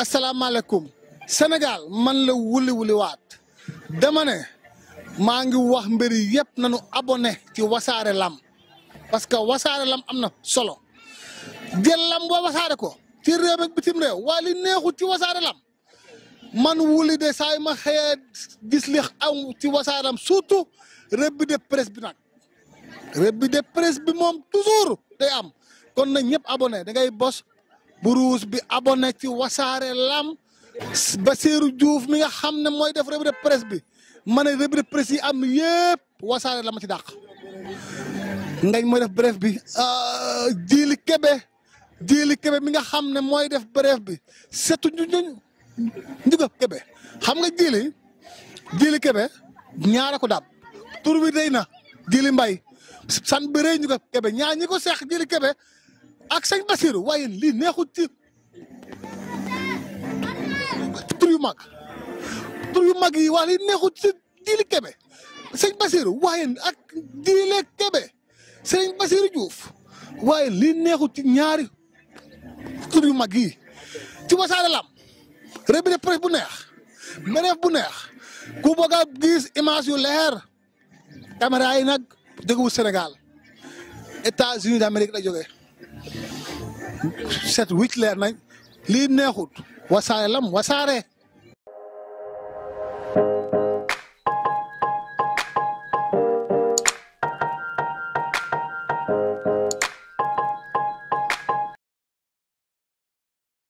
asalaamaaleykum Sénégal man la wuli wuli waat dama maa ngi wax mbir yëpp nañu abonné ci wasaare lam parce que wasaare lam am na solo jël lam boo wasaare ko ci réew ak bitim réew waa neexu ci wasaare lam man wuli de saa ma xëyee gis li am ci wasaare lam surtout revue de presse bi nag revue de presse bi moom toujours day am kon na ñëpp abonné da ngay bos bu ruus bi abonné ci wasaare lam Bassirou Diouf mi nga xam ne mooy def revue de presse bi ma ne revue de presse yi am yëpp wasaare la ma ci dàq ngañ mooy def bref bi jiili kebe jiili kebe mi nga xam ne mooy def bref bi setu ñu ñu njuga kebe xam nga jiili jiili kebe ñaara ko daab tur bi day na jiili mbay san bi rëy njuga kebe ñaar ñi ko seex jiili kebe ak sëñ Basiru waaye lii neexut ci tur yu mag tur yu mag yi waa lii neexut ci diili kebe sëñ Basiru waaye ak diile kebe sëñ Basiru Diouf waaye lii neexut ci ñaari tur yu mag yi ci Wassare Lamb revue de presse bu neex meneef bu neex ku bëgg a gis yu leer caméra yi nag jógewul Sénégal États-Unis d'Amérique la jógee set wicc leer nañ lii neexut wasaare lam wasare